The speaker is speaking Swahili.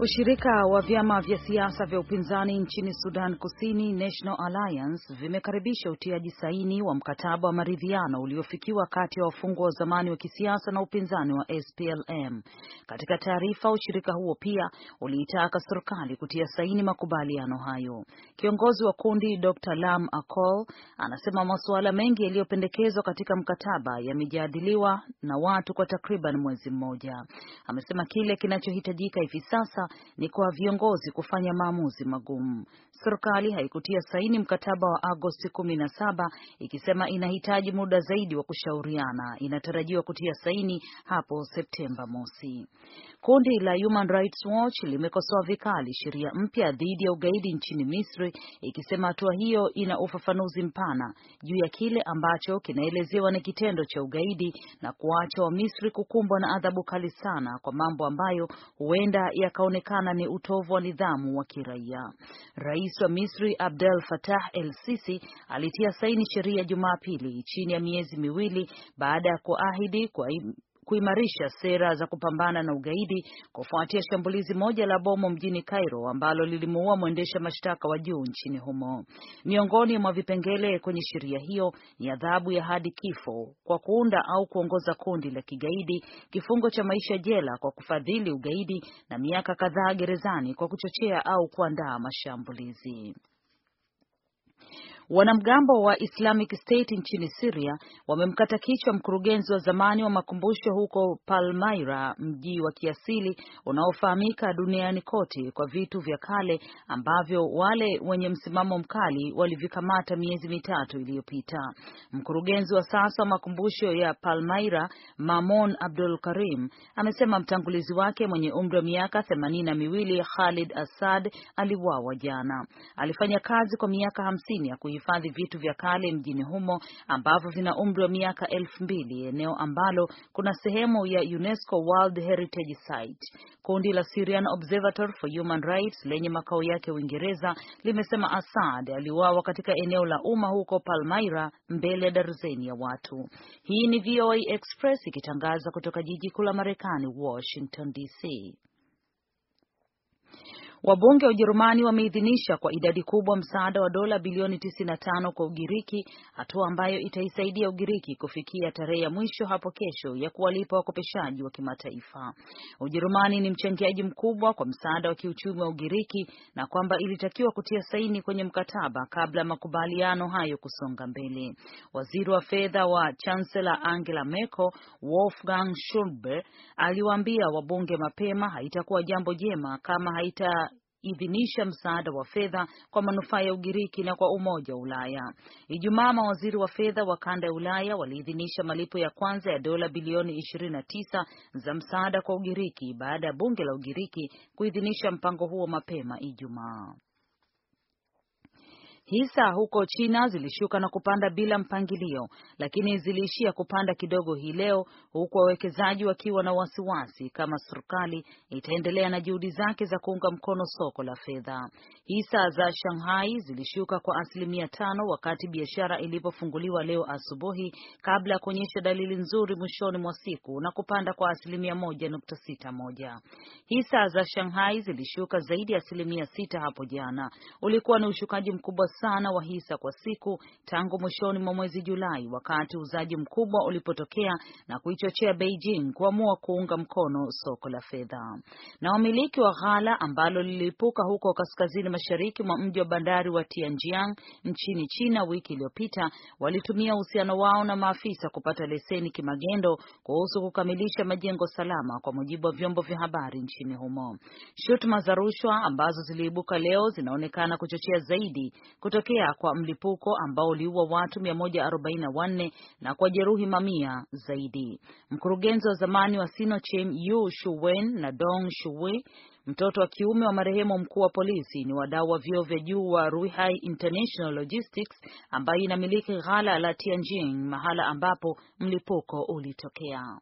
Ushirika wa vyama vya siasa vya upinzani nchini Sudan Kusini, National Alliance, vimekaribisha utiaji saini wa mkataba wa maridhiano uliofikiwa kati ya wafungwa wa zamani wa kisiasa na upinzani wa SPLM. Katika taarifa, ushirika huo pia uliitaka serikali kutia saini makubaliano hayo. Kiongozi wa kundi Dr. Lam Akol anasema masuala mengi yaliyopendekezwa katika mkataba yamejadiliwa na watu kwa takriban mwezi mmoja. Amesema kile kinachohitajika hivi sasa ni kwa viongozi kufanya maamuzi magumu. Serikali haikutia saini mkataba wa Agosti 17 ikisema inahitaji muda zaidi wa kushauriana. Inatarajiwa kutia saini hapo Septemba mosi. Kundi la Human Rights Watch limekosoa vikali sheria mpya dhidi ya ugaidi nchini Misri ikisema hatua hiyo ina ufafanuzi mpana juu ya kile ambacho kinaelezewa ni kitendo cha ugaidi na kuacha Wamisri kukumbwa na adhabu kali sana kwa mambo ambayo huenda yakaone unaoonekana ni utovu wa nidhamu wa kiraia. Rais wa Misri Abdel Fattah El Sisi alitia saini sheria Jumapili chini ya miezi miwili baada ya kuahidi kuimarisha sera za kupambana na ugaidi kufuatia shambulizi moja la bomu mjini Cairo ambalo lilimuua mwendesha mashtaka wa juu nchini humo. Miongoni mwa vipengele kwenye sheria hiyo ni adhabu ya hadi kifo kwa kuunda au kuongoza kundi la kigaidi, kifungo cha maisha jela kwa kufadhili ugaidi na miaka kadhaa gerezani kwa kuchochea au kuandaa mashambulizi. Wanamgambo wa Islamic State nchini Syria wamemkata kichwa mkurugenzi wa zamani wa makumbusho huko Palmyra, mji wa kiasili unaofahamika duniani kote kwa vitu vya kale ambavyo wale wenye msimamo mkali walivikamata miezi mitatu iliyopita. Mkurugenzi wa sasa wa makumbusho ya Palmyra, Mamon Abdul Karim, amesema mtangulizi wake mwenye umri wa miaka themanini na miwili Khalid Assad aliwawa jana. Alifanya kazi kwa miaka hamsini ya kuhifadhi vitu vya kale mjini humo ambavyo vina umri wa miaka elfu mbili, eneo ambalo kuna sehemu ya UNESCO World Heritage Site. Kundi la Syrian Observatory for Human Rights lenye makao yake Uingereza limesema Assad aliuawa katika eneo la umma huko Palmyra mbele ya darzeni ya watu. Hii ni VOA Express ikitangaza kutoka jiji kuu la Marekani Washington DC. Wabunge wa Ujerumani wameidhinisha kwa idadi kubwa msaada wa dola bilioni 95 kwa Ugiriki, hatua ambayo itaisaidia Ugiriki kufikia tarehe ya mwisho hapo kesho ya kuwalipa wakopeshaji wa kimataifa. Ujerumani ni mchangiaji mkubwa kwa msaada wa kiuchumi wa Ugiriki na kwamba ilitakiwa kutia saini kwenye mkataba kabla ya makubaliano hayo kusonga mbele. Waziri wa fedha wa Chancellor Angela Merkel, Wolfgang Schulbe, aliwaambia wabunge mapema haitakuwa jambo jema kama haita kuidhinisha msaada wa fedha kwa manufaa ya Ugiriki na kwa Umoja wa Ulaya. Ijumaa, mawaziri wa fedha wa kanda ya Ulaya waliidhinisha malipo ya kwanza ya dola bilioni 29 za msaada kwa Ugiriki baada ya bunge la Ugiriki kuidhinisha mpango huo mapema Ijumaa. Hisa huko China zilishuka na kupanda bila mpangilio, lakini ziliishia kupanda kidogo hii leo, huku wawekezaji wakiwa na wasiwasi kama serikali itaendelea na juhudi zake za kuunga mkono soko la fedha. Hisa za Shanghai zilishuka kwa asilimia tano wakati biashara ilipofunguliwa leo asubuhi kabla ya kuonyesha dalili nzuri mwishoni mwa siku na kupanda kwa asilimia moja nukta sita moja. Hisa za Shanghai zilishuka zaidi ya asilimia sita hapo jana. Ulikuwa ni ushukaji mkubwa sana wa hisa kwa siku tangu mwishoni mwa mwezi Julai, wakati uuzaji mkubwa ulipotokea na kuichochea Beijing kuamua kuunga mkono soko la fedha. Na wamiliki wa ghala ambalo lilipuka huko kaskazini mashariki mwa mji wa bandari wa Tianjin nchini China wiki iliyopita walitumia uhusiano wao na maafisa kupata leseni kimagendo kuhusu kukamilisha majengo salama, kwa mujibu wa vyombo vya habari nchini humo. Shutuma za rushwa ambazo ziliibuka leo zinaonekana kuchochea zaidi kutokea kwa mlipuko ambao uliua watu 144 na kwa jeruhi mamia zaidi. Mkurugenzi wa zamani wa Sinochem Yu Shuwen na Dong Shuwe mtoto wa kiume wa marehemu mkuu wa polisi ni wadau wa vyeo vya juu wa Ruihai International Logistics ambayo inamiliki ghala la Tianjin, mahala ambapo mlipuko ulitokea.